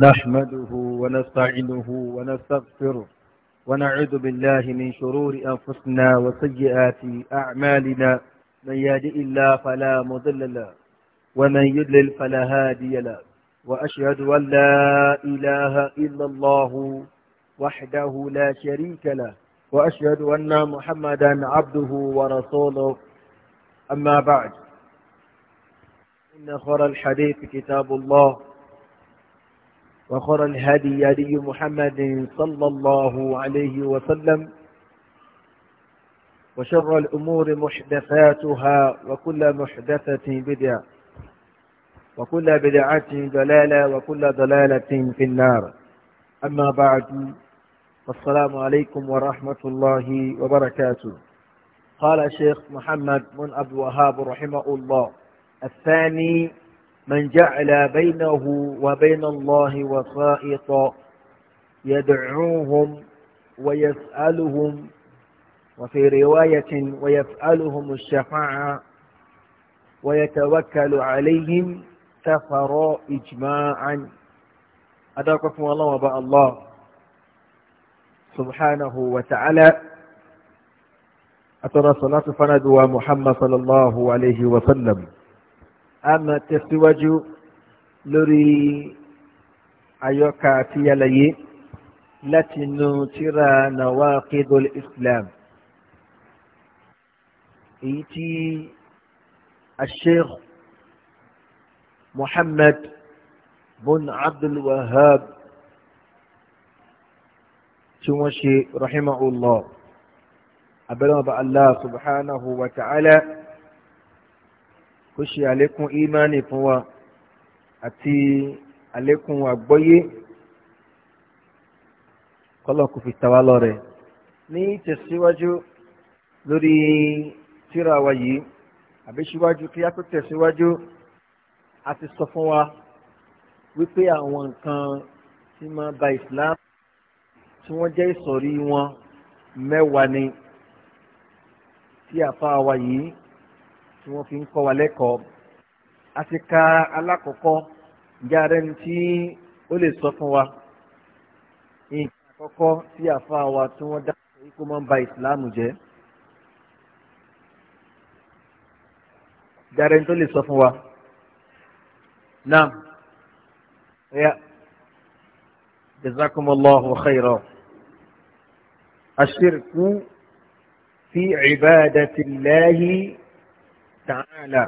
نحمده ونستعينه ونستغفره ونعوذ بالله من شرور أنفسنا وسيئات أعمالنا من يهدئ الله فلا مضل له ومن يضلل فلا هادي له وأشهد أن لا إله إلا الله وحده لا شريك له وأشهد أن محمدا عبده ورسوله أما بعد إن خير الحديث كتاب الله وخر الهدي هدي محمد صلى الله عليه وسلم وشر الأمور محدثاتها وكل محدثة بدعة وكل بدعة ضلالة وكل ضلالة في النار أما بعد السلام عليكم ورحمة الله وبركاته قال الشيخ محمد بن أبو وهاب رحمه الله الثاني من جعل بينه وبين الله وسائطا يدعوهم ويسألهم وفي رواية ويسألهم الشفاعة ويتوكل عليهم كفر إجماعا أدركم الله وباء الله سبحانه وتعالى أترى صلاة فندوى محمد صلى الله عليه وسلم a máa tẹ̀síwájú lórí àyọkà àti àlàyé láti inú tíra nawaqidul islam èyí tí asheikh muhammad bun abdul wahab tí wọ́n ṣe rahimahullah abẹ́rẹ́ ọba allah subhanahu wa ta'ala kó ṣe àlékún ìmánì fún wa àti àlékún àgbọ́yé kọ́lọ́kù fi tàwa lọ́rẹ. ní tẹ̀síwájú lórí tírà wa yìí àbí síwájú kí a tó tẹ̀síwájú a ti sọ fún wa wípé àwọn nǹkan tí máa ba Islam tí wọ́n jẹ́ ìsọ̀rí wọn mẹ́wàá ni tí àfa wa yìí tí wọ́n fi ń kọ́ wa lẹ́kọ̀ọ́ a ti ka alákọ̀ọ́kọ́ ìjà rẹ̀ ní tí ó lè sọ fún wa nǹkan àkọ́kọ́ tí àfa wa tí wọ́n dá èyí kó máa ń ba ìsìláàmù jẹ́ ìjà rẹ̀ ní tó lè sọ fún wa náà ẹ̀yà jazakumullahu khayra ashirku fi ibadati llahi tààlà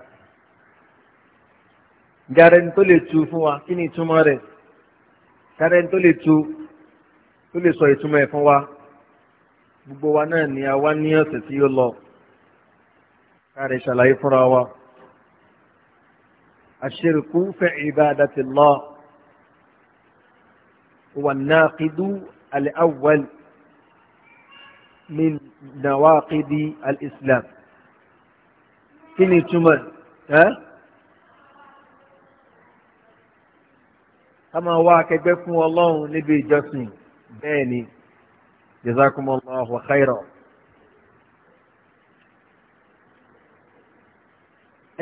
garen tó lè tu fún wa kí ni ìtumọ̀ rẹ̀ garen tó lè tu tó lè sọ ìtumọ̀ ẹ̀ fún wa gbogbo wa náà ni a wá ní ọ̀sẹ̀ tí ó lọ káre ṣàlàyé fúnra wa àṣírìkú fẹ́ ìbádàtì lọ wà náàkìdú alẹ́ awwal min nàwákìdí alìsílámù kí ni túmọ̀ ẹ́ a máa wá akẹgbẹ́ fún ọlọ́run níbi ìjọsìn bẹ́ẹ̀ ni jazakumullahu khairan.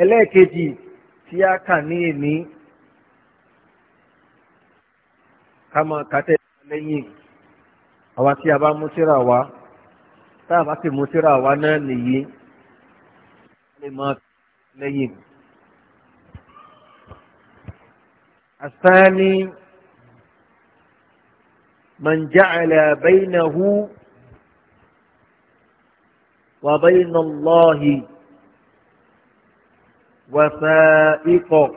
ẹlẹ́ẹ̀kejì tí a kà ní èní ká máa kàtẹ́ lẹ́yìn àwa tí a bá mú síra wa tá a bá sì mú síra wa náà nìyí. كلمات لين الثاني من جعل بينه وبين الله وثائق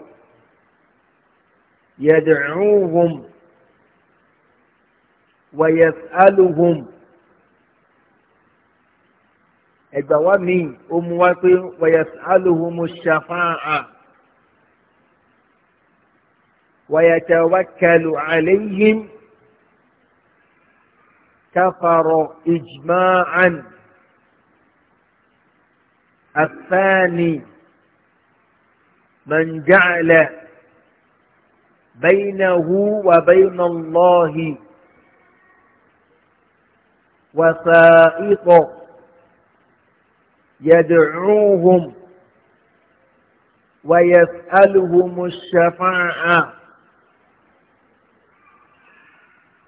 يدعوهم ويسألهم ẹgbà wa míì ó mú wá pé wayas'aluhumu shafa'a wayatawakkalu alayhim kafara ijma'an الثاني من جعل بينه وبين الله وثائق يدعوهم ويسألهم الشفاعة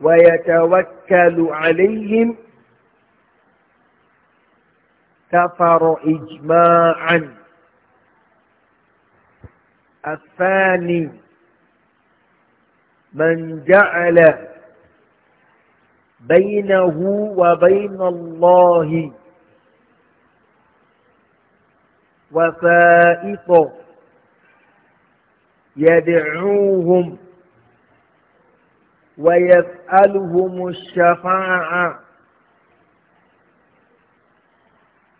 ويتوكل عليهم كفر إجماعا الثاني من جعل بينه وبين الله وفائق يدعوهم ويسألهم الشفاعة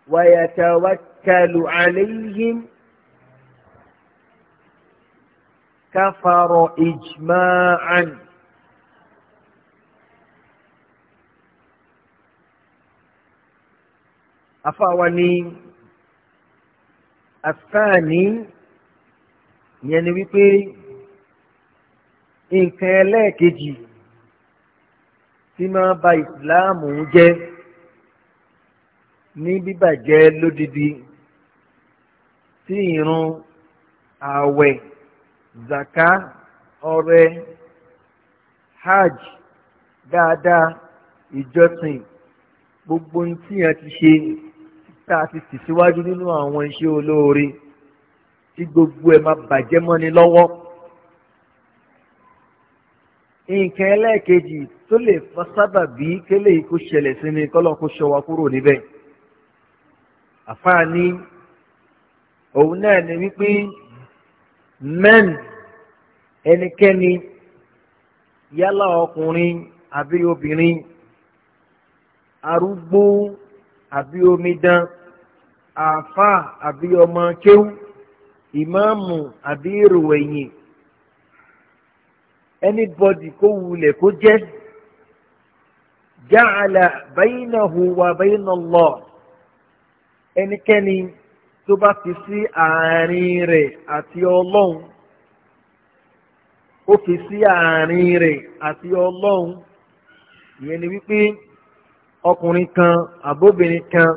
ويتوكل عليهم كفر إجماعا أفواني àfáàní yẹn ni wípé nǹkan ẹlẹ́ẹ̀kejì tí máa ba ìsìláàmù jẹ́ ní bíbàjẹ́ lódidi tí ìrun ààwẹ̀ zaka ọrẹ hajj dáadáa ìjọsìn gbogbo ohun tí yẹn ti ṣe tá a ti tì síwájú nínú àwọn iṣẹ́ olóore tí gbogbo ẹ̀ máa bàjẹ́ mọ́ni lọ́wọ́ nǹkan ẹlẹ́ẹ̀kejì tó lè fa sábà bí kélé yìí kó ṣẹlẹ̀ sí ni kọ́lọ́ kó ṣọ wa kúrò níbẹ̀ àfáà ní òun náà ni wípé men ẹnikẹ́ni yálà ọkùnrin àbí obìnrin arúgbó àbí omidan àáfà àbí ọmọ kéwú ìmáàmù àbí ìròyìn anybody kó wulẹ̀ kó jẹ́ ja'ala baynahu wa bayna Allah ẹnikẹ́ni tó bá fi sí àárín rẹ̀ àti ọlọ́run ó fi sí àárín rẹ̀ àti ọlọ́run ìyẹn ni wípé ọkùnrin kan àbóbìnrin kan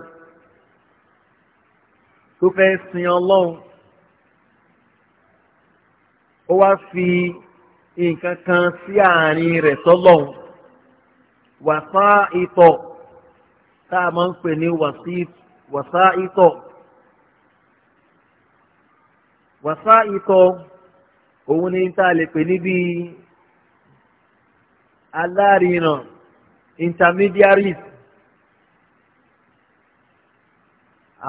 tó fẹ́ sin ọlọ́run ó wá fi nǹkan kan sí àárín rẹ̀ sọ́lọ́run wàsá ìtọ̀ tá a máa ń pè ní wàsá ìtọ̀ wàsá ìtọ̀ òun ni tá a lè pè níbi alárinà intermediaries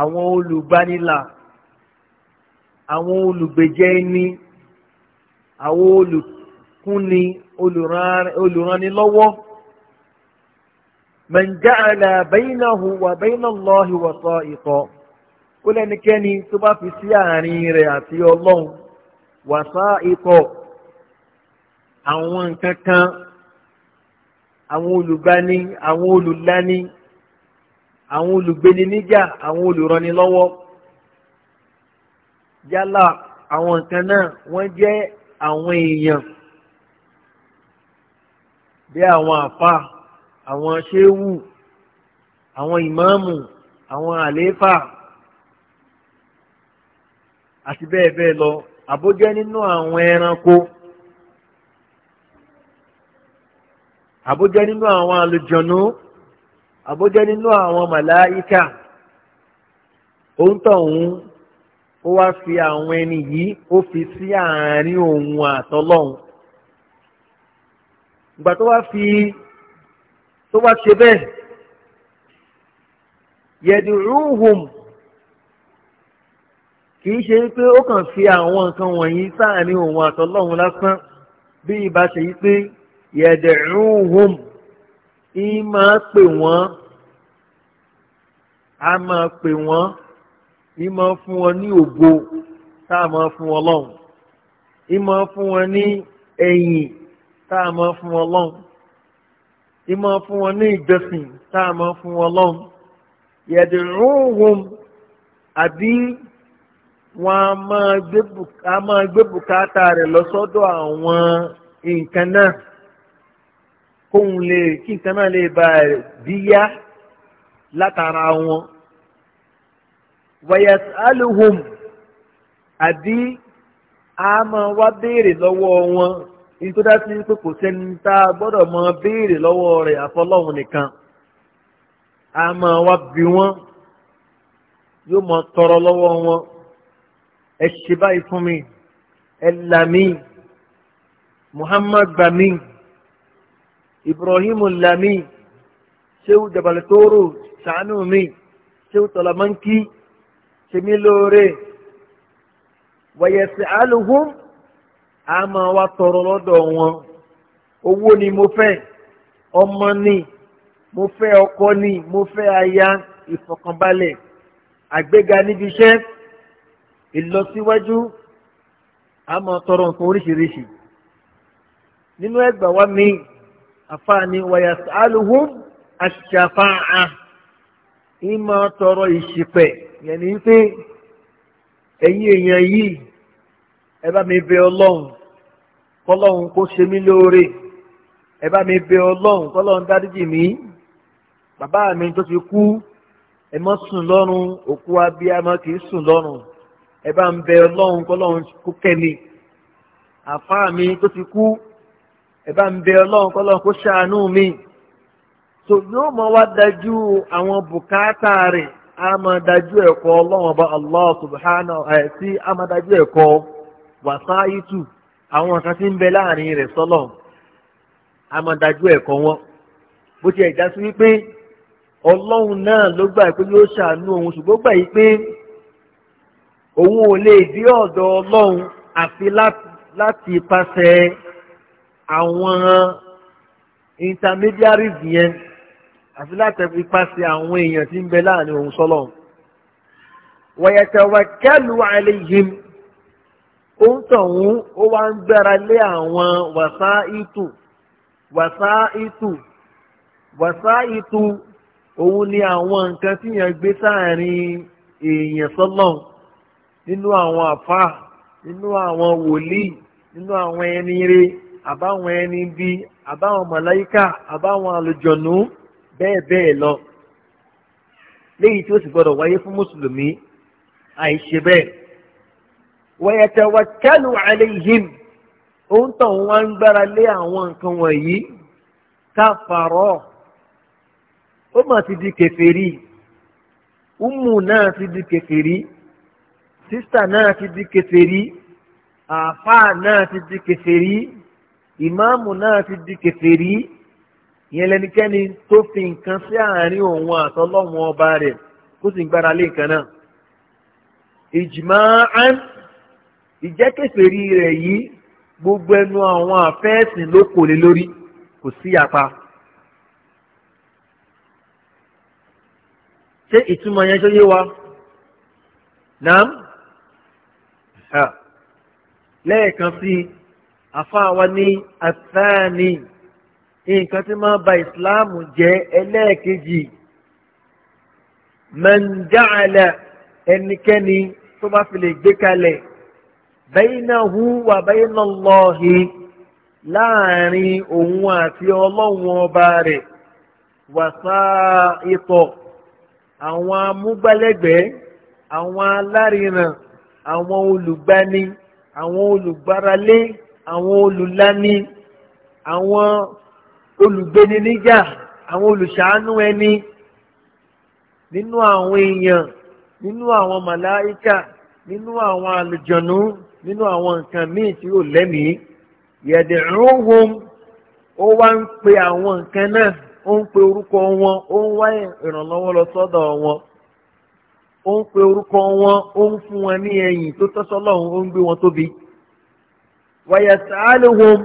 àwọn olùgbanilà àwọn olùgbèjẹ ẹni àwọn olùkúni olùrànilọ́wọ́ man ja'ala baynahu wa bayna Allahi wasa'iqa ó lẹ́nikẹ́ni tó bá fi sí àárín rẹ̀ àti ọlọ́run wasa'iqa àwọn nǹkan kan àwọn olùgbani àwọn olùlani àwọn olùgbéni níjà àwọn olùrànilọ́wọ́ yálà àwọn nǹkan náà wọ́n jẹ́ àwọn èèyàn bí àwọn àfa àwọn ṣéwù àwọn ìmáàmù àwọn àlééfà àti bẹ́ẹ̀ bẹ́ẹ̀ lọ àbójẹ́ nínú àwọn ẹranko àbójẹ́ nínú àwọn àlùjọ̀nú. No àbójẹ́ nínú àwọn màláíkà òun tọ̀hún ó wá fi àwọn ẹni yìí ó fi sí àárín òun àtọlọ́hun ìgbà tó wá fi tó wá ṣe bẹ́ẹ̀ yẹ̀dùrúhùm kì í ṣe pé ó kàn fi àwọn nǹkan wọ̀nyí sáàárín òun àtọlọ́hun lásán bí ìbá ṣe yí pé yẹ̀dùrúhùm ìyí máa pè wọ́n a máa pè wọ́n ìyí máa fún wọn ní ògo tá a máa fún wọn lọ́hùn ìyí máa fún wọn ní ẹ̀yìn tá a máa fún wọn lọ́hùn ìyí máa fún wọn ní ìjọsìn tá a máa fún wọn lọ́hùn yẹ̀dùrúhùn àbí wọn a máa gbé bùkátà rẹ̀ lọ sọ́dọ̀ àwọn nǹkan náà kóhun lè kí nǹkan náà lè bá díyá látara wọn wayas aluhum àbí a máa wá béèrè lọ́wọ́ wọn ní tó dá sí pé kò sẹ́ni tá a gbọ́dọ̀ máa béèrè lọ́wọ́ rẹ̀ àfọlọ́hun nìkan a máa wá bi wọ́n yóò máa tọrọ lọ́wọ́ wọn ẹ ṣe báyìí fún mi ẹ là mí Muhammad gbà mí ibrahim lami sehu dabalatoro sànú mi sehu tọlamanki semi lóore wàyẹsẹ aluhum a máa wá tọrọ lọ́dọ̀ wọn owó ni mo fẹ́ ọmọ ni mo fẹ́ ọkọ ni mo fẹ́ aya ìfọ̀kànbalẹ̀ àgbéga níbi iṣẹ́ ìlọsíwájú a tọrọ nǹkan oríṣiríṣi nínú ẹgbàá wa míì àfáàní wayas'aluhum ash-shafa'a ìmọ̀ tọrọ ìṣìpẹ̀ yẹn ni pé ẹ̀yin èèyàn yìí ẹ bá mi bẹ ọlọ́run kọ́lọ́run kó ṣe mí lóore ẹ bá mi bẹ ọlọ́run kọ́lọ́run dáríjì mí bàbá mi tó ti kú ẹ má sùn lọ́rùn òkú abiyamọ kì í sùn lọ́rùn ẹ bá ń bẹ ọlọ́run kọ́lọ́run kó kẹ́ mi mi tó ti kú ẹ̀bá ń bẹ ọlọ́run kọ́lọ́run kó ṣàánú mi so yóò mọ wá dájú àwọn bùkátà rẹ̀ a máa dájú ẹ̀kọ́ ọlọ́run ọba allah subhanahu ẹ̀ sí a máa dájú ẹ̀kọ́ wàsáìtù àwọn kan tí ń bẹ láàrin rẹ̀ sọ́lọ̀ a máa dájú ẹ̀kọ́ wọn bó ti ẹ̀já sí wípé ọlọ́run náà ló gbà pé yóò ṣàánú òun ṣùgbọ́n gbà yìí pé òun ò lè dí ọ̀dọ̀ ọlọ́run àfi láti ipasẹ̀ àwọn intermediaries yẹn àfi láti ipasẹ̀ àwọn èèyàn tí ń bẹ láàrin òun sọ́lọ̀ wayatawakkalu alayhim òun tọ̀hún ó wá ń gbára lé àwọn wàsáìtù wàsáìtù wàsáìtù òun ni àwọn nǹkan tí yẹn gbé sáàrin èèyàn sọ́lọ̀ nínú àwọn àfáà nínú àwọn wòlíì nínú àwọn ẹni rẹ̀ àbáwọn ẹni bí àbáwọn màláíkà àbáwọn àlùjọ̀nù bẹ́ẹ̀ bẹ́ẹ̀ lọ léyìí tí ó sì gbọdọ̀ wáyé fún mùsùlùmí àìṣe bẹ́ẹ̀ wayatawakkalu alayhim òun tàn wá ń gbára lé àwọn nǹkan wọ̀nyí káfàrọ̀ ó mà ti di kèfèrí umu náà ti di kèfèrí sísà náà ti di kèfèrí àáfàá náà ti di kèfèrí ìmáàmù náà ti di kèfèrí ìyẹn lẹnikẹ́ni tó fi nǹkan sí àárín òun àtọlọ́run ọba rẹ̀ kó sì ń gbára lé nǹkan náà ìjìmáàn ìjẹ́ kèfèrí rẹ̀ yìí gbogbo ẹnu àwọn àfẹ́ẹ̀sìn ló kò lé lórí kò sí apá. ṣé ìtumọ̀ yẹn ṣó yé wa náà lẹ́ẹ̀kan sí i àfáàwa ní àtàní nǹkan tí máa ba ìsìláàmù jẹ́ ẹlẹ́ẹ̀kejì mẹ́ńdáàlà ẹnikẹ́ni tó bá fi lè gbé kalẹ̀ bainahu wa baina Allahi láàrin òun àti ọlọ́run ọba rẹ̀ wàsá ìtọ̀ àwọn amúgbálẹ́gbẹ̀ẹ́ àwọn alárinà àwọn olùgbani àwọn olùgbáralé àwọn olùlani àwọn olùgbéniníjà àwọn olùṣàánú ẹni nínú àwọn èèyàn nínú àwọn màláíkà nínú àwọn àlùjọ̀nú nínú àwọn nǹkan míì tí ó lẹ́mìí yẹ̀dẹ̀rúnwom ó wá ń pe àwọn nǹkan náà ó ń pe orúkọ wọn ó ń wá ìrànlọ́wọ́ lọ sọ́dọ̀ wọn ó ń pe orúkọ wọn ó ń fún wọn ní ẹ̀yìn tó tọ́sọ́lọ́hún ó ń gbé wọn tóbi wàyẹ̀sàálùhùn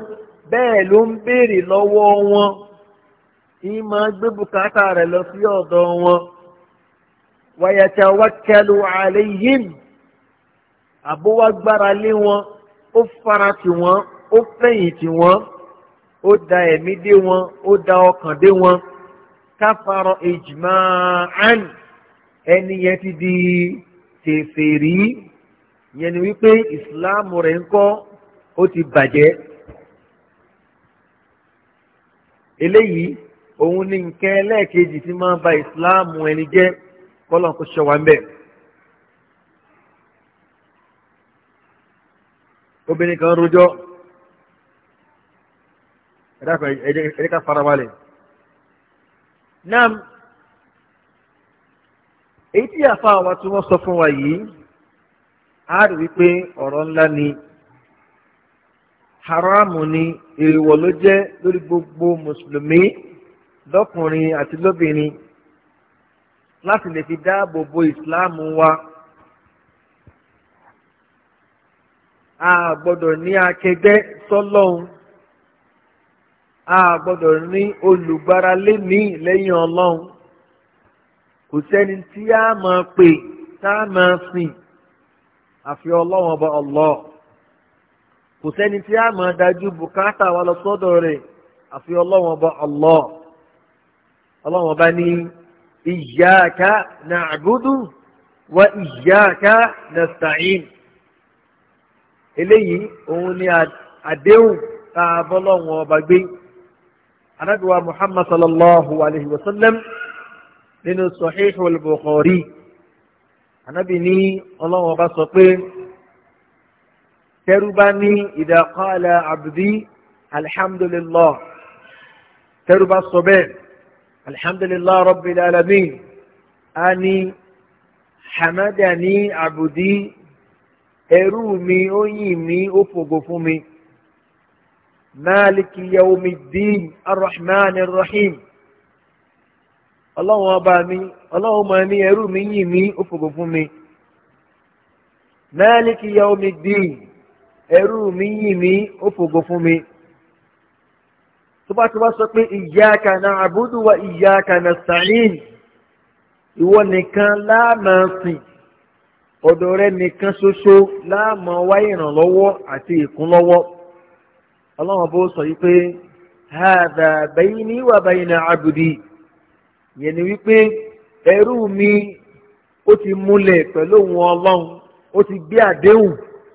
bẹ́ẹ̀ ló ń béèrè lọ́wọ́ wọn ìyí máa gbé bùkátà rẹ̀ lọ sí ọ̀dọ̀ wọn wàyẹ̀tẹ̀wákẹ́lù àlẹ́yìn àbówágbára lé wọn ó fara tì wọ́n ó fẹ̀yìn tì wọ́n ó da ẹ̀mí dé wọn ó da ọkàn dé wọn káfàrọ̀ ìjìmá àn ẹni yẹn ti di tèfèrí yẹn ni wípé ìsìláàmù rẹ̀ ń kọ́ ó ti bàjẹ́ eléyìí òun ni nǹkan ẹlẹ́ẹ̀kejì tí máa ba ìsìláàmù ẹni jẹ́ kọ́lọ́n kó ṣọ wa ń bẹ̀. obìnrin kan rojọ́ ẹ̀dẹ́ ká farabalẹ̀ náà èyí tí àfa àwa tí wọ́n sọ fún wa yìí a rí wípé ọ̀rọ̀ ńlá ni haramu ni èèwọ̀ ló jẹ́ lórí gbogbo mùsùlùmí lọ́kùnrin àti lóbìnrin láti lè fi dáàbò bo ìsìláàmù wa. a gbọ́dọ̀ ní akẹgbẹ́ sọ́lọ́hun a gbọ́dọ̀ ní olùgbáralé míì lẹ́yìn ọlọ́hun kò sẹ́ni tí a máa pè tá a máa sìn àfi ọlọ́hun ọba Allah kò sẹ́ni tí a máa dájú bùkátà wa lọ sọ́dọ̀ rẹ̀ àfi ọlọ́wọ́n ọba Allah ọlọ́wọ́n ọba ní iyyaka na'budu wa iyyaka nasta'in eléyìí òun ni àdéhùn tá a bọ́ lọ́wọ́n ọba gbé anabiwa muhammad sallallahu alayhi wa sallam nínú sahih al-bukhari anabi ní ọlọ́wọ́n ọba sọ pé tẹ́rú bá ní ìdàkọ́lá àbùdí alhamdulillah tẹ́rú bá sọ bẹ́ẹ̀ alhamdulillah rabbil alamin a ní hamadani àbùdí ẹrú mi ó yìn mí ó fògo fún mi maliki yawmiddin arrahman arrahim ọlọ́run ọba mi ọlọ́run máa ní ẹrú mi yìn mí ó fògo fún mi maliki yawmiddin. ẹrú mi yìn mi ó fògo fún mi tó bá ti wá sọ pé iyyaka na'budu wa iyyaka nasta'in ìwọ nìkan láàmà sìn ọ̀dọ̀ rẹ nìkan ṣoṣo láàmà wá ìrànlọ́wọ́ àti ìkúnlọ́wọ́ ọlọ́run bó sọ yìí pé hàdà bayni wa bayna abdi yẹn ni wípé ẹrú mi ó ti múlẹ̀ pẹ̀lú òun ọlọ́run ó ti gbé àdéhùn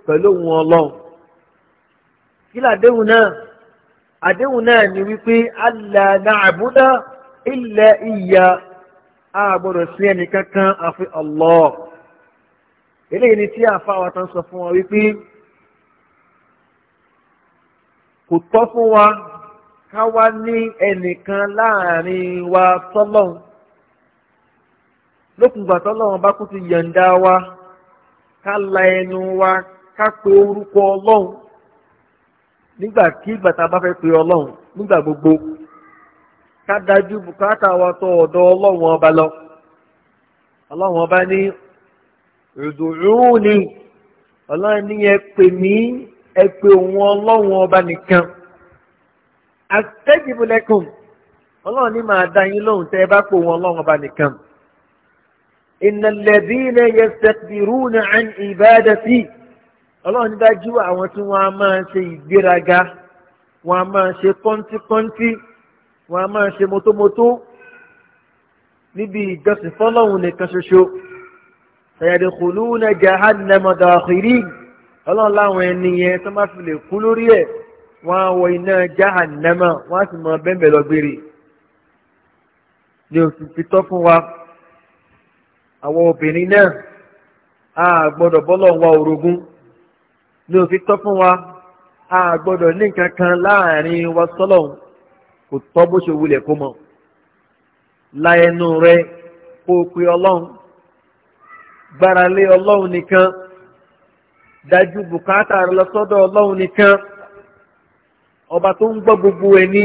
pẹ̀lú òun ọlọ́run kí làdéhùn náà àdéhùn náà ni wípé alla na'buda illa iyya a gbọ́dọ̀ sí ẹnì kan àfi ọ̀lọ́ eléyìí ni tí àfa wa tán sọ fún wa wípé kò tọ́ fún wa ká wá ní ẹnìkan láàrin wa tọ́lọ́hún lókùngbà tọ́lọ́hún bá kú ti yọ̀ǹda wa ká la ẹnu wa ká pe orúkọ ọlọ́hún nígbà kí ìgbà tá a bá fẹ́ pe ọlọ́run nígbà gbogbo ká dájú bùkátà wa tó ọ̀dọ̀ ọlọ́run ọba lọ ọlọ́run ọba ní ud'uuni ọlọ́run ní ẹ pè mí ẹ pè òun ọlọ́run ọba nìkan astajibu lakum ọlọ́run ní màá dá yín lóhùn tẹ́ ẹ bá pè òun ọlọ́run ọba nìkan innal ladhina yastakbiruna an ibadati ọlọ́run ní dájú àwọn tí wọ́n á máa ṣe ìgbéraga wọ́n á máa ṣe kọ́ńtíkọ́ńtí wọ́n á máa ṣe mótómótó níbi ìjọsìn fọ́lọ́hun nìkan ṣoṣo sayadkhuluna jahannama dakhirin ọlọ́run láwọn ẹni yẹn tó máa fi lè kú lórí ẹ̀ wọ́n á wọ iná jahannama wọ́n á sì máa bẹ́ẹ̀ lọ ni òsì ti tọ́ fún wa àwọn obìnrin náà a gbọ́dọ̀ bọ́lọ̀ wa orogún ní òfin tọ́ fún wa a gbọ́dọ̀ ní nǹkan kan láàrin wa sọ́lọ́hún kò tọ́ bó ṣe wulẹ̀ kó mọ̀ la ẹnu rẹ kó o pe ọlọ́run gbára lé ọlọ́run nìkan dájú bùkátà rẹ lọ́sọ́dọ̀ ọlọ́run nìkan ọba tó ń gbọ́ gbogbo ẹ̀ ní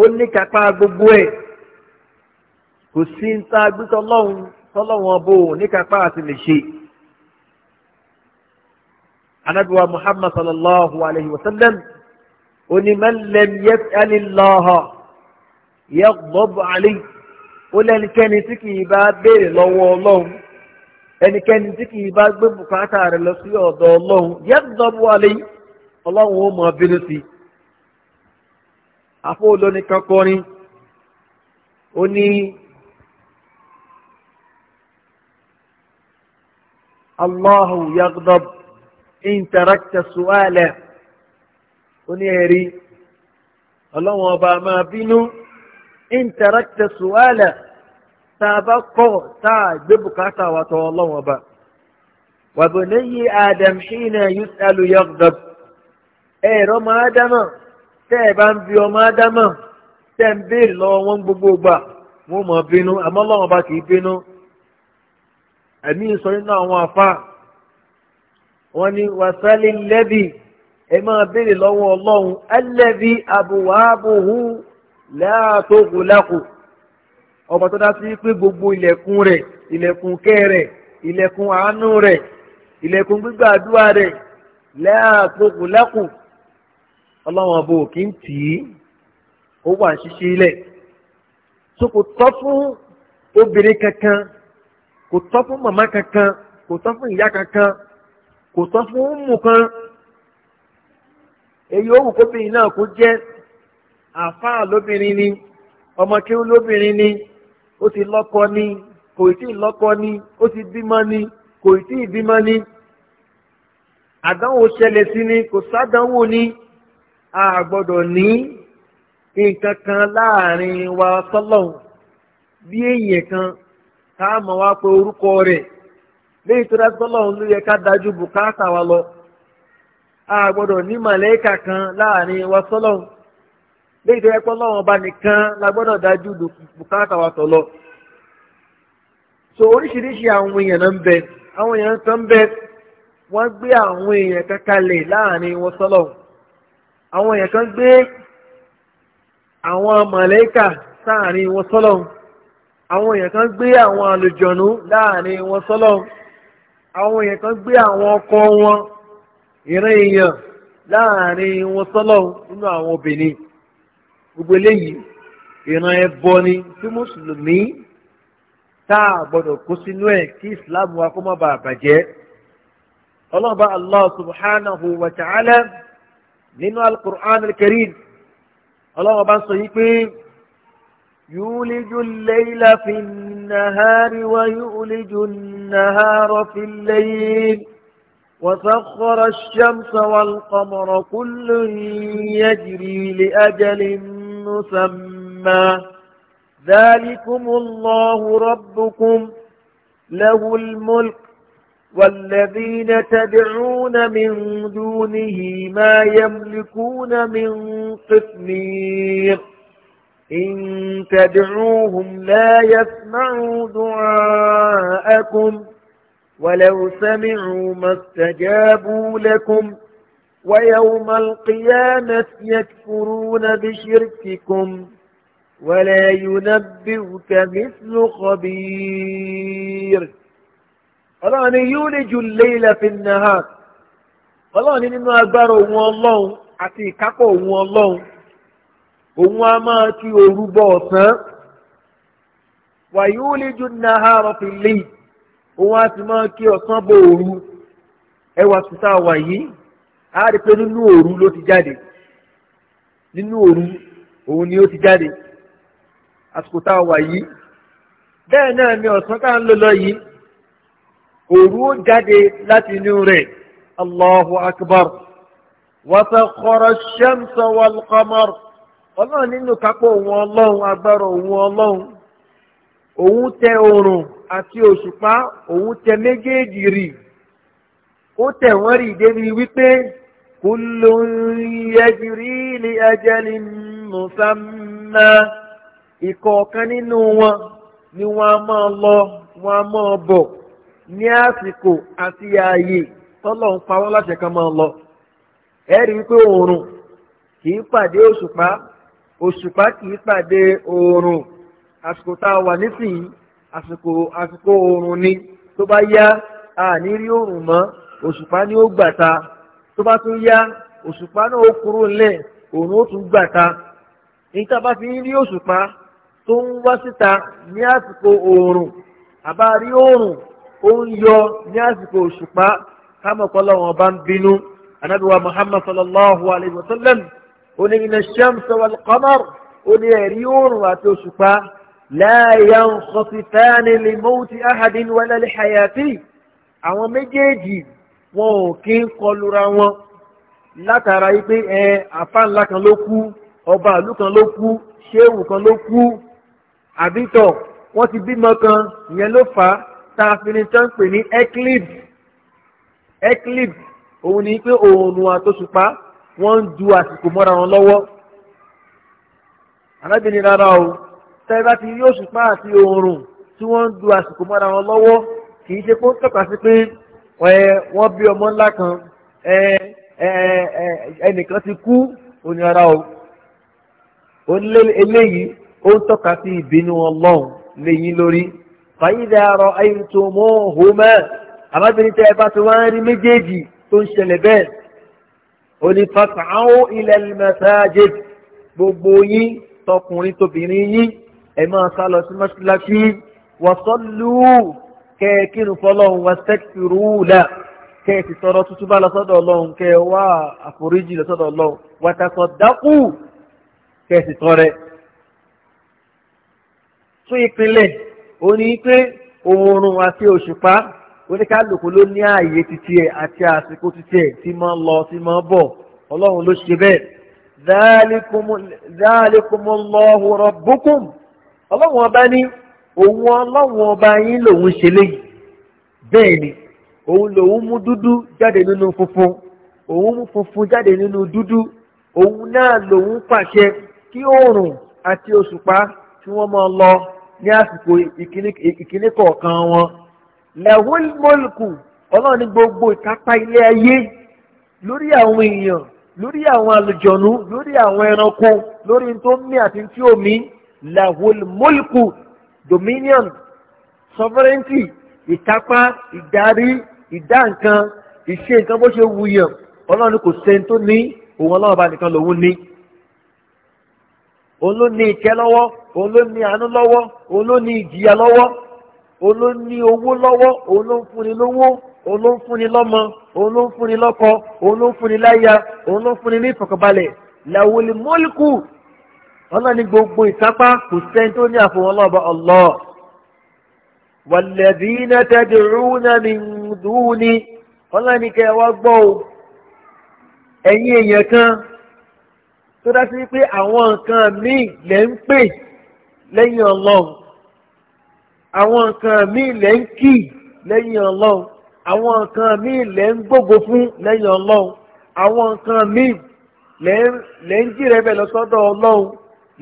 ó ní kápá gbogbo ẹ̀ kò sí ń ta gbé tọ́lọ́run tọ́lọ́run ọbọ̀ ò ní kápá àti lè ṣe anabiwa muhammad sallallahu alayhi wa sallam oni man lam yas'alillaha yaghdab alayhi ó lẹ́nikẹ́ni tí kì í bá béèrè lọ́wọ́ ọlọ́run ẹnikẹ́ni tí kì í bá gbé bùkátà rẹ̀ lọ sí ọ̀dọ̀ ọlọ́run yaghdab alayhi ọlọ́run ó mọ̀ bínú sí afọ olóni kankanrin ó ní allahu in tarakta su'ala ó ní ẹ̀rí ọlọ́wọ́n ọba máa bínú in tarakta su'ala tá a bá kọ̀ tá a wa ọlọ́wọ́n ọba adam shi na yaghdab ẹ̀rọ máa dáná tẹ́ ẹ bá ń bi ọmọ ma tẹ́ ń béèrè lọ́wọ́ gbogbo gbà wọ́n mọ̀ bínú àmọ́ ọlọ́wọ́n ọba kì í bínú ẹ̀mí sọ nínú àwọn wọ́n ní wàsálì lẹ́bì ẹ máa béèrè lọ́wọ́ ọlọ́run ẹlẹ́bì àbùwábùhù láàtòkù lákò ọba tó dá sí pé gbogbo ilẹ̀kùn rẹ̀ ilẹ̀kùn kẹ́ rẹ̀ ilẹ̀kùn àánú rẹ̀ ilẹ̀kùn gbígbàdúrà rẹ̀ láàtòkù lákò ọlọ́run ọba òkè ń tì í ó wà ṣíṣe ilẹ̀ so kò tọ́ fún obìnrin kankan kò tọ́ fún màmá kankan kò tọ́ fún ìyá kankan. kò tán fún ọmọ kan èyí ó wù kóbìnrin náà kó jẹ́ àfáà lóbìnrin ni ọmọ lóbìnrin ni ó ti lọ́kọ ni kò tí ì ni ó ti ni kò tí ì bímọ ni àdánwò ṣẹlẹ̀ sí ni kò sádánwò ni a gbọ́dọ̀ ní nǹkan kan láàrin wa bí èèyàn kan mọ̀ wá pé léyìí tó dájú tọ́lọ́run ló yẹ ká dájú bùkátà wa lọ a gbọ́dọ̀ ní màlẹ́kà kan láàrin wa sọ́lọ́run léyìí tó yẹ pọ́lọ́run ọba nìkan la gbọ́dọ̀ dájú bùkátà wa tọ̀lọ́ so oríṣiríṣi àwọn èèyàn náà ń bẹ àwọn èèyàn kan ń bẹ wọ́n gbé àwọn èèyàn kan kalẹ̀ láàrin wọn sọ́lọ́run àwọn èèyàn kan gbé àwọn màlẹ́kà sáàrin wọn sọ́lọ́run àwọn èèyàn kan gbé àwọn àlùjọ̀nú láàrin wọn sọ́lọ́run àwọn èèyàn kan gbé àwọn ọkọ wọn ìran èèyàn láàrin wọn sọ́lọ́hún nínú àwọn obìnrin gbogbo eléyìí ìran ẹbọ ni tí mùsùlùmí tá a gbọdọ̀ kó sínú ẹ̀ kí islam wa kó má bàa bàjẹ́ ọlọ́ba allah subhanahu wa ta'ala nínú alukur'an al-karim ọlọ́ba sọ yìí pé. يولج الليل في النهار ويولج النهار في الليل وسخر الشمس والقمر كل يجري لأجل مسمى ذلكم الله ربكم له الملك والذين تدعون من دونه ما يملكون من قطمير إن تدعوهم لا يسمعوا دعاءكم ولو سمعوا ما استجابوا لكم ويوم القيامة يكفرون بشرككم ولا ينبئك مثل خبير ọlọ́run ni الليل في النهار léèlẹ̀ fi nàá ọlọ́run ni nínú agbára òun a máa ti òru bọ̀ ọ̀sán wàyí ó lè ju nahara fi lè òun a sì máa kí ọ̀sán bọ̀ òru ẹwà sùtà wàyí a rí pé nínú òru ló ti jáde nínú òru òun ni ó ti jáde àsìkò tá a wà yìí bẹ́ẹ̀ náà ni ọ̀sán tá a ń lò lọ yìí òru ó jáde láti inú rẹ̀ allahu akbar wa sakhkhara ash-shamsa ọlọ́run nínú kápọ̀ òun ọlọ́run agbára òun ọlọ́run òun tẹ oòrùn àti òṣùpá òun tẹ méjèèjì rì ó tẹ̀ wọ́n rì débi wípé kullu yajri li ajalin musamma ìkọ̀ọ̀kan nínú wọn ni lọ máa ní àsìkò àti ààyè ń pa wọ́n láṣẹ lọ oòrùn kì í òṣùpá kì í pàdé oòrùn àsìkò tá a wà nísìnyí àsìkò àsìkò oòrùn ni tó bá yá a ní rí oòrùn mọ́ òṣùpá ni ó gbàta tó bá tún yá òṣùpá náà ó kúrò ńlẹ̀ oòrùn ó tún gbàta èyí tá a bá fi ń rí òṣùpá tó ń wá síta ní àsìkò oòrùn àbá rí oòrùn ó ń yọ ní àsìkò òṣùpá kámọ̀kọ́ lọ́wọ́n bá ń bínú anábìwá Muhammad sallallahu alayhi wa sallam ó ní iná ṣẹ́mṣọ wàlùkọ́mọ́r ó ní ẹ̀rí oòrùn àti òṣùpá láàyà ń kọfí fẹ́ẹ́ni lè mọ́wútí ahadin wala li hayati àwọn méjèèjì wọn ò kí ń kọlura wọn látara pé ẹ àfa kan ló kú ọba ìlú kan ló kú ṣéwù kan ló kú àbítọ̀ wọ́n ti bímọ kan ìyẹn ló fà á tá a fi ní tán pè ní eclipse eclipse òun ni pé oòrùn àtòṣùpá wọ́n ń ju àsìkò mọ́ra wọn lọ́wọ́ arábìnrin rárá o tẹ́ bá ti rí òṣùpá àti oòrùn tí wọ́n ń du àsìkò mọ́ra wọn lọ́wọ́ kì í ṣe kó tọ́ka sí pé wọ́n bí ọmọ ńlá kan ẹnìkan ti kú òní ara o eléyìí ó ń tọ́ka sí ìbínú ọlọ́run lẹ́yìn lórí fàyídà arọ ayélujára mọ́ ọ̀hún mẹ́ àbábìnrin tẹ́ bá ti wá ń rí méjèèjì tó ń ṣẹlẹ̀ bẹ́ẹ̀ oni fas'au ila al-masajid gbogbo yín tọkùnrin tóbìnrin yín ẹ máa sá lọ sí mọ́ṣáláṣí wa sallu kẹ́ẹ̀kínú fọlọ́hún wastaghfiru la kẹ́ẹ̀sì tọrọ tuntun bá lọ́sọ́dọ̀ ọlọ́run kẹ́ẹ̀ wá àforíjì lọ́sọ́dọ̀ ọlọ́run wa tasaddaqu kẹ́ẹ̀sì tọrẹ. tún ìpínlẹ̀ òní pé oòrùn àti òṣùpá oníkálukú ló ní ààyè títí ẹ̀ àti àsìkò títí ẹ̀ tí máa ń lọ tí máa ń bọ̀ ọlọ́run ló ṣe bẹ́ẹ̀ dáálíkùmùlọ́hù rọ̀bùkùm ọlọ́run ọba ní òun ọlọ́run ọba yín lòun ṣe léyìí bẹ́ẹ̀ ni òun lòun mú dúdú jáde nínú funfun òun mú funfun jáde nínú dúdú òun náà lòun pàṣẹ kí oòrùn àti òṣùpá tí wọ́n máa lọ ní àsìkò ìkíní kọ̀ọ̀kan wọn lẹ́hùn mọ́lùkù ọlọ́run ní gbogbo ìkápá ilé ayé lórí àwọn èèyàn lórí àwọn àlùjọ̀nú lórí àwọn ẹranko lórí tó mí àti tí ò mí lẹ́hùn dominion sovereignty ìkápá ìdarí ìdá nǹkan ìṣe nǹkan bó ṣe wuyàn ọlọ́run ní kò sẹ́ni tó ní òun ọlọ́run bá nìkan lòun ní òun ló ní ìkẹ́ lọ́wọ́ òun ló ní àánú lọ́wọ́ òun ló ní ìjìyà lọ́wọ́ òun ló ní owó lọ́wọ́ òun ló ń fúnni lówó òun ló ń fúnni lọ́mọ òun ló ń fúnni lọ́kọ òun ló ń fúnni láyà òun ló ń fúnni ní ìfọ̀kànbalẹ̀ làwòlì mọ́líkù ọlọ́ni gbogbo ìsápá kò sẹ́ni tó ní àfọwọ́n lọ́ba Allah wàlẹ̀dínà tẹ́dùrúnà mi dùúni ọlọ́ni kẹ́ wá gbọ́ o ẹ̀yin èèyàn kan tó dá sí pé àwọn nǹkan míì lẹ́ ń pè lẹ́yìn ọlọ́run àwọn nǹkan míì lẹ́ ń kì lẹ́yìn ọlọ́run àwọn nǹkan míì lẹ́ ń gbógo fún lẹ́yìn ọlọ́run àwọn nǹkan míì lẹ́ ń jìrẹ́ bẹ̀ lọ́sọ́dọ̀ ọlọ́run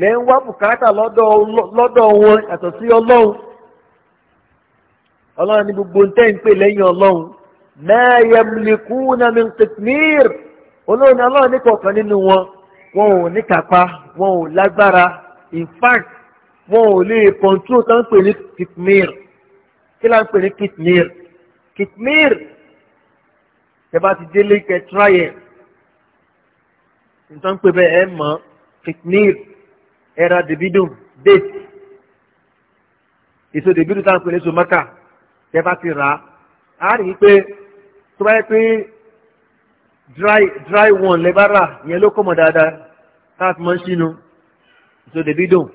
lẹ́ ń wá bùkátà lọ́dọ̀ wọn yàtọ̀ sí ọlọ́run ọlọ́run ní gbogbo ń ń pè lẹ́yìn ọlọ́run ma yamlikuna min qitmir olóòní aláwọ̀ ní kọ̀ọ̀kan nínú wọn wọn ò ní kápá wọn ò lágbára in fact wọn ò lè kọ̀ǹtró tá ń pè ní kìtmír kí là ń pè ní kìtmír kìtmír tẹ́bá ti délé kẹ tíráyẹ̀ nítorí wọn pè bẹ́ẹ̀ ẹ mọ̀ kìtmír ẹ̀ra dèbídùn déètì èso dèbídùn tá ń pè ní sọmọ́kà tẹ́bá ti rà á rí i pé tó bá yẹ pé dry dry one lẹ́bàrà yẹn ló kọ́ mọ̀ dáadáa tá a fi mọ́ sínú èso dèbídùn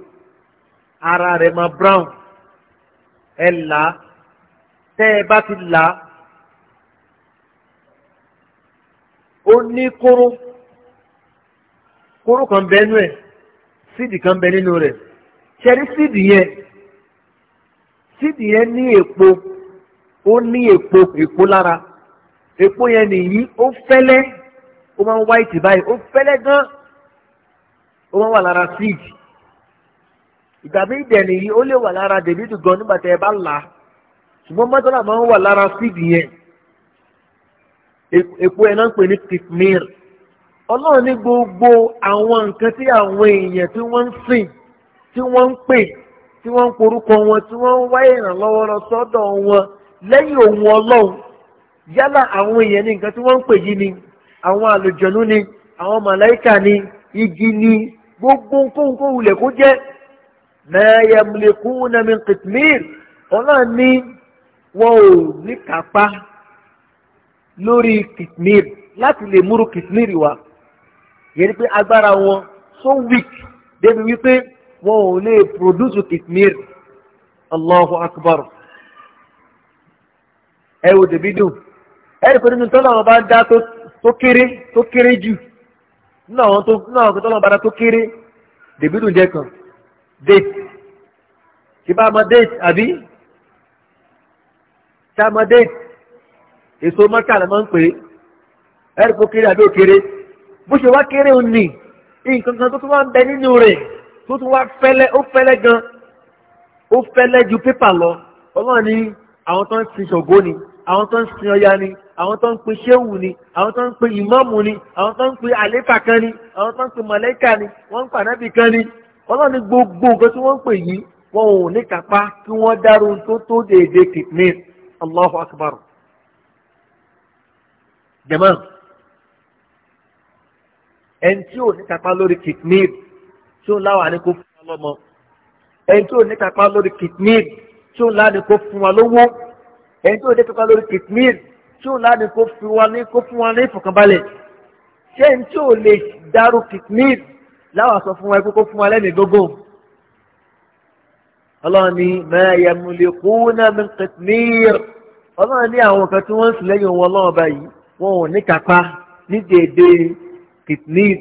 ara rẹ̀ máa brown ẹ là á tẹ́ ẹ bá ti là á ó ní kóró kóró kan bẹ nínú ẹ̀ síìdì kan bẹ nínú rẹ̀ ṣẹ́rí síìdì yẹn síìdì yẹn ní èpo ó ní èpo èpo lára èpo yẹn nìyí ó fẹ́lẹ́ ó máa ń wáìtì báyìí ó fẹ́lẹ́ gan ó máa ń wà lára síìdì. ìdàbí ìdẹ̀nì yìí ó lè wà lára dèbìtì gan nígbà tẹ́ ẹ bá là á ṣùgbọ́n mọ́tọ́là máa ń wà lára síìdì yẹn èpo ẹ̀ náà ń pè ní ọlọ́run ní gbogbo àwọn nǹkan tí àwọn èèyàn tí wọ́n ń sìn tí wọ́n ń pè tí wọ́n ń porúkọ wọn tí wọ́n ń wá ìrànlọ́wọ́ lọ sọ́dọ̀ wọn lẹ́yìn òun ọlọ́run yálà àwọn èèyàn ní nǹkan tí wọ́n ń pè yìí ni àwọn àlùjọ̀nú ni àwọn màláìkà ni igi ni gbogbo jẹ́ ma yamlikuna min qitmir ọlọ́run ní wọn ò ní kápá lórí qitmir láti lè múrú qitmir wa yẹni pé agbára wọn so weak débi wípé wọn ò lè produce qitmir allahu akbar ẹ wò dèbí dùn ẹ rí pé nínú tọ́lá wọn bá dá tó kéré tó kéré jù nínú àwọn tó nínú àwọn tọ́lá wọn bá dá tó kéré dèbí dùn jẹ kan date tí bá ma déètì àbí tá mọ déètì èso mọ́tà ló máa ń pè é ẹ̀rù kó kéré àbí òkéré bó ṣe wá kéré òun nì nǹkan kan tó tún wá ń bẹ nínú rẹ̀ tó tún wá fẹ́lẹ́ ó fẹ́lẹ́ gan ó fẹ́lẹ́ ju pépà lọ ọlọ́run ní àwọn tó ń sin ṣògo ni àwọn tó ń sin ọya ni àwọn tó ń pe ṣéwù ni àwọn tó ń pe ìmáàmù ni àwọn tó ń pe àléfà kan ni àwọn tó ń pe mọ̀lẹ́kà ni wọ́n ń pa ànábì kan ni ọlọ́run ní gbogbo nǹkan tí wọ́n ń pè yìí wọn ò ní kápá kí wọ́n dárò tó tó déédéé kìtìmín Allahu akbar jẹ̀mọ́ ẹni tí ò ní kápá lórí kìtìmín tí ó láwà ní kó fún wa lọ́mọ ẹni tí ò ní kápá lórí kìtìmín tí ó láà kó fún wa lówó ẹni tí ò ní kápá lórí kìtìmín tí ó láà kó fún wa ní kó fún wa ní ìfọ̀kànbalẹ̀ ṣé ẹni tí ò lè dárò kìtìmín láwà sọ fún wa kó kó fún wa lẹ́mìí gbogbo ọlọ́run ní máa yẹ múlẹ̀kúnà mi kìtìmíìr ọlọ́run ní àwọn kan tí wọ́n ń sìlẹ́yìn wọn lọ́wọ́ báyìí wọn ò ní kápá ní dèédé kìtìmíìr.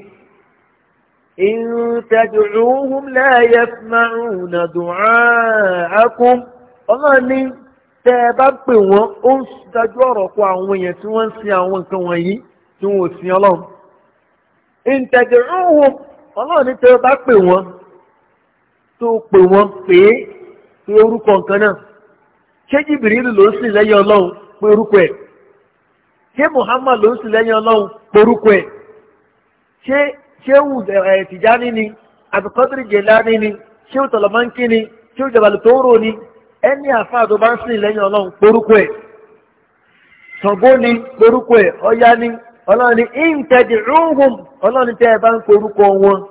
إن تدعوهم لا يسمعون دعاءكم ọlọ́run ní tẹ́ ẹ bá pè wọ́n ó ń dájú ọ̀rọ̀ kó àwọn èèyàn tí wọ́n ń sin àwọn nǹkan wọ̀nyí tí wọ́n ò sin ọlọ́run. إن تدعوهم ọlọ́run ní tẹ́ ẹ bá pè wọ́n tó pè wọ́n pé pé orúkọ nǹkan náà ṣé jìbìrìlù ló ń sìn lẹ́yìn ọlọ́run pé orúkọ ẹ̀ ṣé muhammad ló ń sìn lẹ́yìn ọlọ́run pé orúkọ ẹ̀ ṣé ṣéwù ẹ̀ tìjáni ni àbíkọ́dìrì jẹ̀láni ni ṣéwù tọ̀lọ̀mọ́ńkì ni ṣéwù jàbàlù tó rò ni ẹni àfáà tó bá ń sìn lẹ́yìn ọlọ́run pé orúkọ ẹ̀ ni pé orúkọ ẹ̀ ni ọlọ́run ni rúhùn ọlọ́run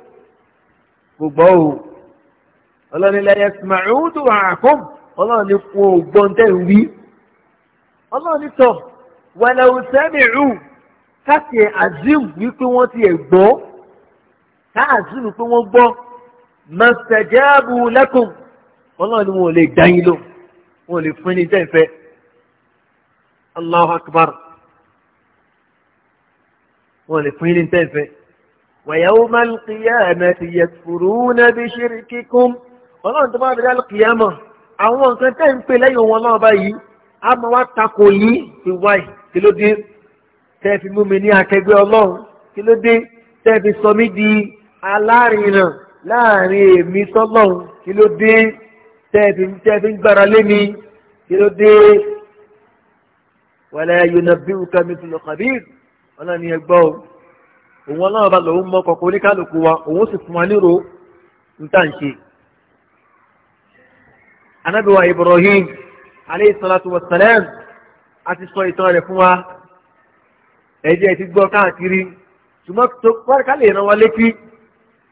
kò gbọ́ o ọlọ́nilẹ̀ yẹn ti máa ń dùn àkọ́m ọlọ́run ní kò gbọ́n tẹ̀ ń wí ọlọ́run ní tọ̀ wẹ̀lẹ̀ òsẹ́mi rù káàkì àzìm wípé wọ́n ti ẹ̀ gbọ́ káàzìm pé wọ́n gbọ́ mọ̀sẹ̀jáàbù lẹ́kùn ọlọ́run wọn ò lè dá yín lò wọn ò lè fún ní tẹ̀fẹ́ Allahu akbar wọn ò lè fún yín ní tẹ̀fẹ́. ويوم القيامة يكفرون بشرككم ọlọ́run tó bá rí dálé kìyàmọ̀ àwọn nǹkan tẹ́ ń pè lẹ́yìn wọn náà báyìí a máa wá takò yìí ti wáyì kí ló dé tẹ́ fi mú mi ní akẹgbẹ́ ọlọ́run kí ló dé tẹ́ fi sọ mí di alárinà láàrin èmi sọ́lọ́run kí ló dé tẹ́ fi tẹ́ fi ń gbára lé mi kí ló dé wala yunabbi'uka mithlu khabir ọlọ́run ni gbọ́ o òun ọlọ́run bá lòun mọ kọ̀ọ̀kan oníkálukú wa òun sì fún wa nírò ń tà ń ṣe. anábìwá Ibrahim aleyhi salatu wa salam a ti sọ ìtàn rẹ̀ fún wa ẹ̀jẹ̀ ti gbọ́ káàkiri ṣùgbọ́n tó kọ́ríkà lè rán wa létí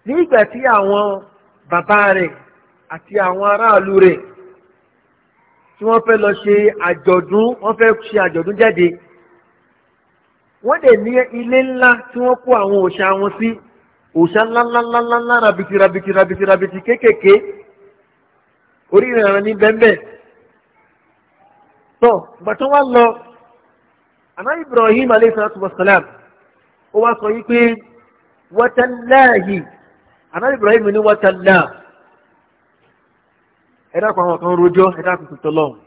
nígbà tí àwọn bàbá rẹ̀ àti àwọn aráàlú rẹ̀ tí wọ́n fẹ́ lọ ṣe àjọ̀dún wọ́n fẹ́ ṣe àjọ̀dún jáde wọ́n dẹ̀ ní ilé ńlá tí wọ́n kó àwọn òòṣà wọn sí òòṣà ńláńláńláńlá rabiti rabiti rabiti rabiti kéékèèké orí ìrìnàrà ní bẹ́ńbẹ́ tó bàtọ́ wá lọ àná Ibrahim alayhi salatu wa salam ó wá sọ yí pé watallahi àná Ibrahim ní watalla ẹ̀dá kan àwọn kan rojọ́ ẹ̀dá kan tuntun lọ́wọ́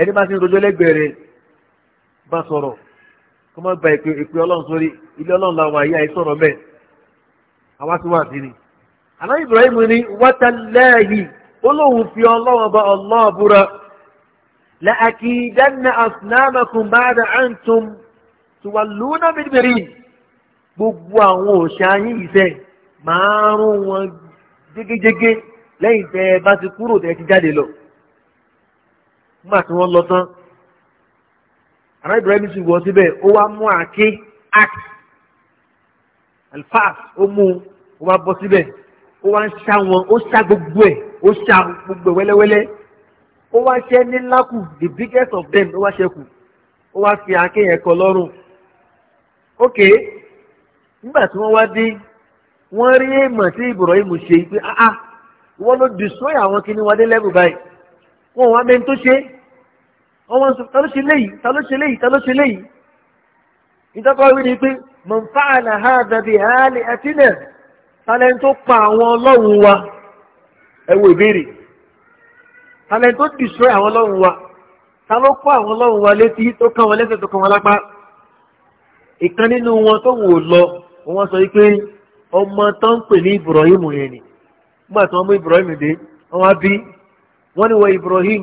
ẹni bá ti rojọ́ lẹ́gbẹ̀ẹ́ rẹ̀ bá sọ̀rọ̀ kó má gba ìpè ìpè ọlọ́run sórí ilé ọlọ́run làwọn àyè àìsọ̀rọ̀ mẹ́ àwa ti wà sí ni. àná Ibrahim ní wátàlẹ́yì ó lóun fi ọlọ́run bá ọlọ́run búra làákìdánná asnamakum ba'da antum tuwalluna bidbirin gbogbo àwọn òòṣà yín ìfẹ́ máa rún wọn jégéjégé lẹ́yìn tẹ́ bá ti kúrò tẹ́ ti jáde lọ. nígbà tí wọ́n lọ tán ara ibrahim sì wọ síbẹ̀ ó wá mú àáké act alfas ó mú ó wá bọ́ síbẹ̀ ó wá ń ṣá wọn ó ṣá gbogbo ẹ̀ ó ṣá gbogbo ẹ̀ wẹ́lẹ́wẹ́lẹ́ ó wá ṣe ní lákù the biggest of them ló wá ṣe kù ó wá fi àáké yẹn kọ lọ́rùn ok nígbà tí wọ́n wá dé wọ́n rí èèmọ̀ tí ibrahim ṣe pé ah ah wọ́n ló destroy àwọn kíní wọn dé lẹ́bù báyìí wọ́n wá mẹ́ni tó ṣe é. wọ́n wọ́n sọ tàló ṣe léyìí tàló ṣe léyìí tàló ṣe léyìí ìtọ́kọ̀ wí ni pé mọ̀nfààlà ha dàbí hàálì àtinà talẹ̀ pa àwọn ọlọ́run wa ẹ ìbéèrè talẹ̀ dìṣọ́ àwọn ọlọ́run wa ta ló kọ́ àwọn ọlọ́run wa létí tó kàn wọn lẹ́sẹ̀ tó kàn lápá wọn tó wò lọ wọn sọ pé ọmọ tó ń pè ní Ibrahim yẹn ni wọn mú Ibrahim dé wọn wá bí wọn ni Ibrahim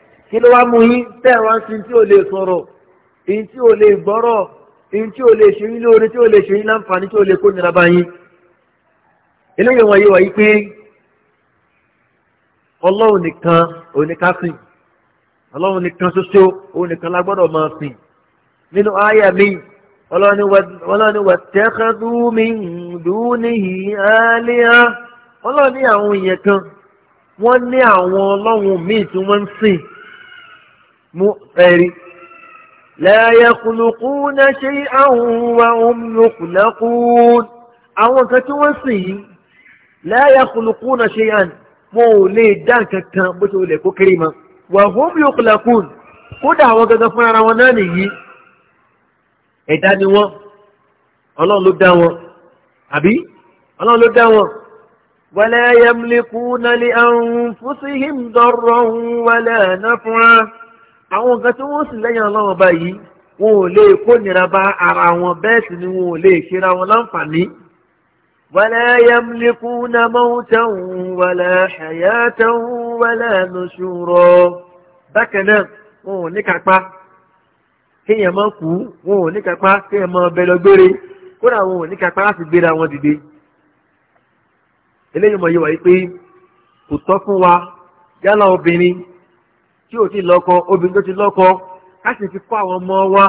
kí ló wá mú yín tẹ̀wọ́n sí tí ò lè sọ̀rọ̀ èyí tí ò lè gbọ́rọ̀ èyí tí ò lè ṣe yín lóore tí ò lè ṣe yín láǹfààní tí ò lè kó nira bá yín eléyìí wọ̀nyí wọ̀nyí pé ọlọ́run nìkan oníkásìn ọlọ́run nìkan ṣoṣo òun nìkan lágbọ́dọ̀ máa sìn nínú àyà mi ọlọ́run wà tẹ́kẹ́dú mi dùn níhì áléá ọlọ́run ní àwọn èèyàn kan wọ́n ní àwọn ọlọ́run míì tí wọ́n ń sìn مؤثر لا يخلقون شيئا وهم يخلقون àwọn kan tí wọ́n sìn yìí لا يخلقون شيئا wọn ò lè dá nǹkan kan bó ṣe olè kó kéré mọ́ وهم يخلقون kódà àwọn gangan fún ara wọn náà nìyí ẹ̀dá ni wọ́n ọlọ́run ló dá wọn àbí ọlọ́run ló dá wọn. ولا يملكون لأنفسهم ضرا ولا نفعا àwọn nǹkan tí wọ́n sì lẹ́yìn ọlọ́run ọba yìí wọn ò lè kónira bá ara wọn bẹ́ẹ̀ sì ni wọn ò lè ṣera wọn láǹfààní. wala yamlikuna mawtan wala hayatan wala nushura. bákan náà wọn ò ní kápá kéèyàn máa kú wọn ò ní kápá kéèyàn máa bẹ lọ gbére kódà wọn ò ní kápá láti gbéra wọn dìde. eléyìí mọ̀ yìí wáyé pé kò tọ́ fún wa yálà obìnrin tí ò ti lọ́kọ obìnrin tó ti lọ́kọ ká sì fi kọ́ àwọn ọmọ wa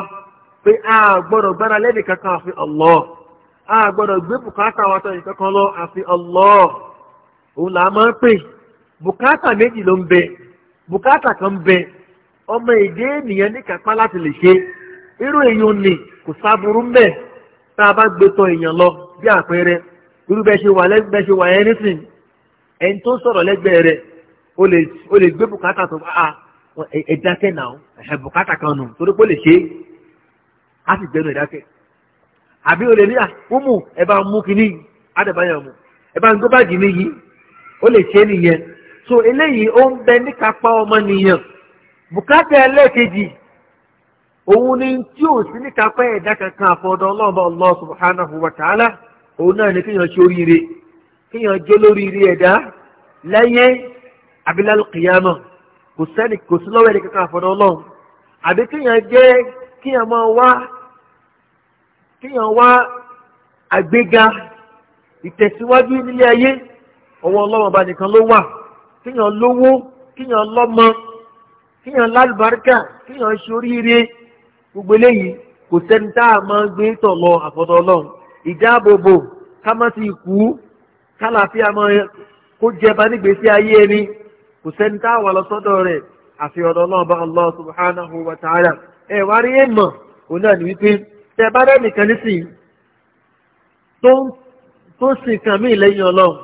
pé a gbọ́dọ̀ gbára lẹ́nì kankan àfi Allah a gbọ́dọ̀ gbé bùkátà wa tọ́yìn kankan lọ àfi Allah òun là máa ń pè bùkátà méjì ló ń bẹ bùkátà kan ń bẹ ọmọ èdè ènìyàn láti lè ṣe irú èèyàn ni kò tá a bá gbé tọ èèyàn lọ bí àpẹẹrẹ irú ṣe wà ẹ náà ẹ̀ bùkátà torí pé ó lè ṣe é á sì gbẹnu àbí o ní àmúmù ẹ bá mú kínní àdàbáyà mu ẹ bá ń gbé báàgì mi ó lè ṣe é nìyẹn so eléyìí ó ń bẹ níkapá ji, bùkátà ẹlẹ́ẹ̀kejì òun ni tí ò sí níkapá ẹ̀dá kankan àfọ̀dọ̀ ọlọ́ọ̀bá Allah subhanahu wa òun náà ni kéèyàn ṣe oríire kéèyàn jó lóríire ẹ̀dá láyé abilal kò sẹ́ni kò sí lọ́wọ́ ẹni kankan àfọ̀dọ̀ ọlọ́run àbí kíyàn jẹ́ kíyàn máa wá kíyàn wá àgbéga ìtẹ̀síwájú nílé ayé ọwọ́ ọlọ́run ọba nìkan ló wà kíyàn lówó kíyàn lọ́mọ kíyàn lálùbáríkà kíyàn ṣoríire gbogbo eléyìí kò sẹ́ni tá a máa gbé tọ̀ lọ àfọ̀dọ̀ ọlọ́run ìdáàbòbò ká má ti kú kálàáfíà máa kó jẹba nígbèésí ayé ẹni kò sẹ́ni tá a wà lọ sọ́dọ̀ rẹ̀ àfi ọ̀dọ̀ náà bá Allah subhanahu wa ta'ala ẹ wá rí ẹ mọ̀ òun náà ní wípé tẹ bá dẹ́ nìkan nísìnyí tó ń sin nǹkan míì lẹ́yìn ọlọ́run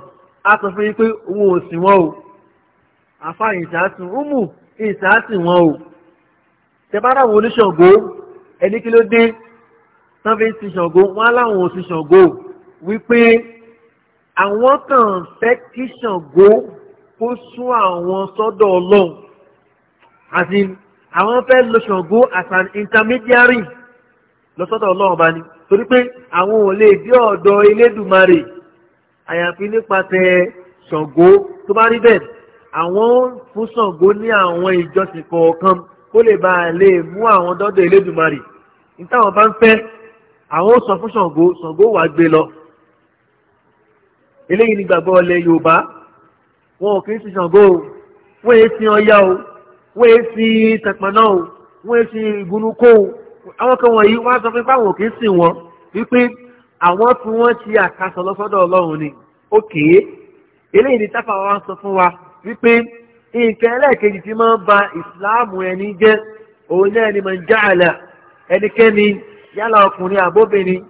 á sọ fún yín pé òun ò sìn wọ́n o àfa ìṣàásùn umu ìṣàásùn wọn o tẹ bá dáwọn oníṣàngó ẹni kí ló dé tán fi ń sin ṣàngó wọn aláwọn ò sin ṣàngó wípé àwọn kan fẹ́ kí ṣàngó kó sún àwọn sọ́dọ̀ ọlọ́run àti àwọn fẹ́ lo ṣàngó as an intermediary lọ́sọ́dọ̀ ọlọ́run bá ní torí pé àwọn ò lè dé ọ̀dọ̀ elédùmarè àyàfi nípasẹ̀ ṣàngó tó bá rí bẹ́ẹ̀ àwọn fún ṣàngó ní àwọn ìjọsìn kọ̀ọ̀kan kó lè bá a lè mú àwọn dọ́dọ̀ elédùmarè nítawọn bá ń fẹ́ àwọn ó sọ fún ṣàngó ṣàngó wàá gbé lọ eléyìí ni gbàgbọ́ ọlẹ yorùbá wọn ò kì í sí Ṣàngó o wọn èé sí Ọya o wọn èé sí Tẹ̀pẹ̀ná o wọn èé sí ìbùnúkó o àwọn kan wọ̀nyí wọ́n á sọ pé báwọn ò kì í sìn wọn wípé àwọn tí wọ́n ṣe àkàsọ̀ lọ́sọ́dọ̀ Ọlọ́run ni ó kéé eléyìí ni táfà wa sọ fún wa wípé nǹkan ẹlẹ́ẹ̀kejì tí máa ń ba ìsìláàmù ẹni jẹ́ òun náà ni man ja'ala ẹnikẹ́ni yálà ọkùnrin àbóbìnrin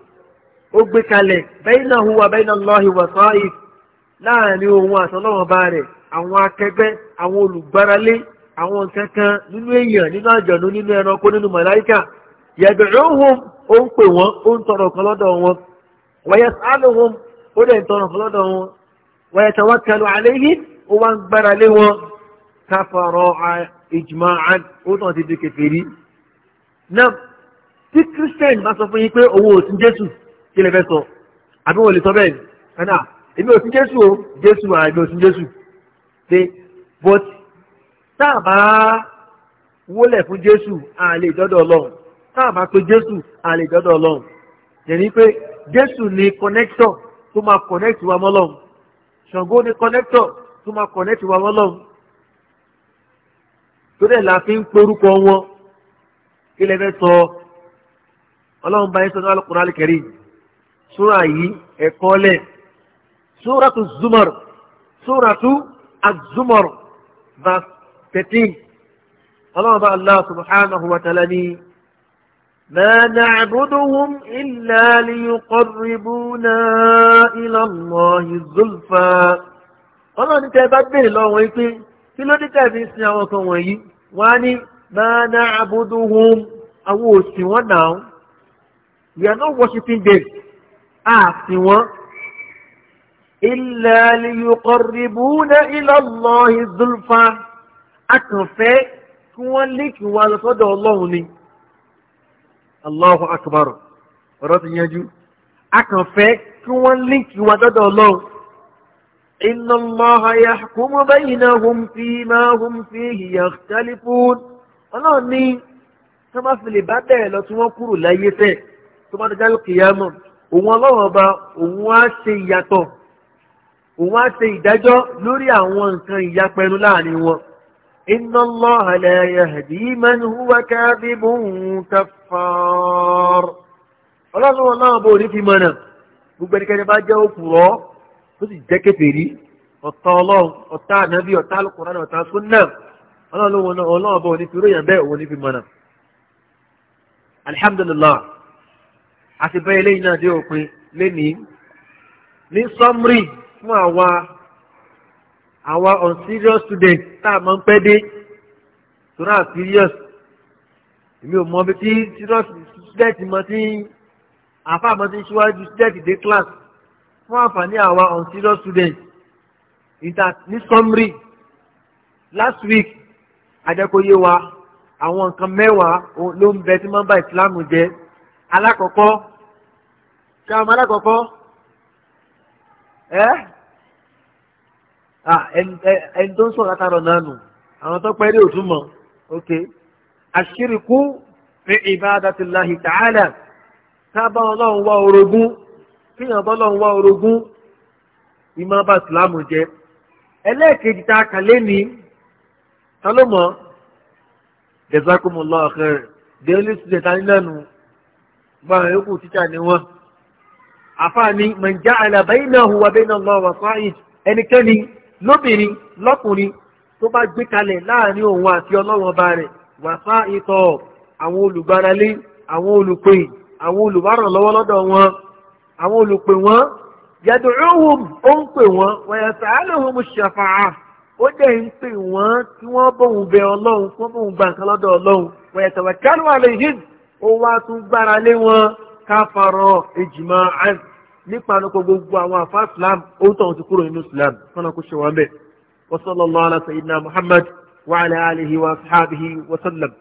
ó gbé kalẹ̀ bainahu wa bainallahi wasa'if láàrin òun àtọ́lọ́wọ́n bá rẹ̀ àwọn akẹgbẹ́ àwọn olùgbáralé àwọn nǹkan kan nínú èèyàn nínú àjọ̀nú nínú ẹranko nínú màláíkà yad'uuhum ó ń pè wọ́n ó ń tọrọ kan lọ́dọ̀ wọn wa yas'aluhum ó dẹ̀ ń tọrọ kan lọ́dọ̀ wọn wa yatawakkalu alayhim ó wá ń wọn ó tàn di christian bá sọ fún yín pé owó òsín jésù kí sọ àbí wọ́n lè èmi ò sí jésù o jésù à èmi ò sí jésù pé but tá a bá wólẹ̀ fún jésù à lè dọ́dọ̀ ọlọ́run tá a bá pe jésù à lè dọ́dọ̀ ọlọ́run yẹ̀ni pé jésù ni connector tó máa connect wa mọ́lọ́run ṣàngó ni connector tó máa connect wa mọ́lọ́run tó dẹ̀ la fi ń porúkọ wọn kí lè fẹ́ sọ ọlọ́run bá yín sọ ní alukùnrin alìkẹ́rì sóra yìí ẹ̀kọ́ lẹ̀. Suratu Zumar, Suratu Az-Zumar, verse 13. Ọlọ́run bá Allah subhanahu wa ta'ala ni, ما نعبدهم إلا ليقربونا إلى الله الزلفى ọlọ́run ní tẹ́ bá bèèrè lọ́wọ́ ipé kí ló dé tẹ́bí sí àwọn kan wọ̀nyí wọ́n ní máa ná àbúdúhùn àwọn òsì wọn náà we are not worshiping them ààfin wọn إلا ليقربونا إلى الله الزلفى أكفى كون لك والصدى الله لي الله أكبر ورات يجو أكفى كون لك والصدى الله إن الله يحكم بينهم فيما هم فيه يختلفون الله ني كما في لبادة لو تمكروا لا يتك ثم رجال القيامة وما الله با وما òun á ṣe ìdájọ́ lórí àwọn nǹkan ìyapẹnu láàrin wọn inna Allaha la yahdi man huwa kadhibun kaffar ọlọ́run wọn náà bò ní fi mọ̀nà gbogbo ẹnikẹ́ni bá jẹ́ òkùrọ́ tó sì jẹ́ kèfèrí ọ̀tá ọlọ́run ọ̀tá ànábì ọ̀tá Al-Qur'an ọ̀tá súnnà ọlọ́run wọn náà ọlọ́run bò ní fi ròyìn bẹ́ẹ̀ òun ní fi mọ̀nà náà dé fún àwa àwa unserious student tá a máa ń pẹ́ dé tó náà serious èmi ò mọ bí tí serious student mọ tí àfa mọ tí síwájú student dé class fún àǹfààní àwa unserious student inter ní summary last week ajẹ́kọ̀yé wa àwọn nǹkan mẹ́wàá ló ń bẹ tí máa ń bà ìsìlámù jẹ́ alákọ̀ọ́kọ́ ṣé àwọn alákọ̀ọ́kọ́. ẹni eh? ah, eh, tó ń sọ̀rọ̀ látàrọ̀ náà nù àwọn tó pẹ́ẹ́rẹ́ òtún ok àṣírìkú fi ibadatillahi ta'ala ká bá ọlọ́run wá orogún kíyàn bá ọlọ́run wá orogún bá ìsìlámù jẹ. ẹlẹ́ẹ̀kejì tá a kà lẹ́ni ta ló mọ̀ ní àfáàní man ja'ala bainahu wa baina Allah wasa'id ẹnikẹ́ni lóbìnrin lọ́kùnrin tó bá gbé kalẹ̀ láàrin òun àti ọlọ́run ọba rẹ̀ wasa'itọ̀ àwọn olùgbáralé àwọn olùpè àwọn olùbárànlọ́wọ́ lọ́dọ̀ wọn àwọn olùpè wọn yad'uhum ó ń pè wọn wa yas'aluhum ash-shafa'a ó dẹ̀ ń pè wọ́n tí wọ́n bóun bẹ ọlọ́run wọ́n bóun gbà lọ́dọ̀ ọlọ́run wa yatawakkalu alayhim ó wá tún gbára lé wọn káfàrọ̀ ìjìmọ̀ àn nípa ànàkọ gbogbo àwọn àfa islam owó tó àwọn ti kúrò nínú islam fúnà kó ṣe wọn bẹ wa sallallahu ala sayyidina muhammad wa alihi wa sahabihi wa sallam.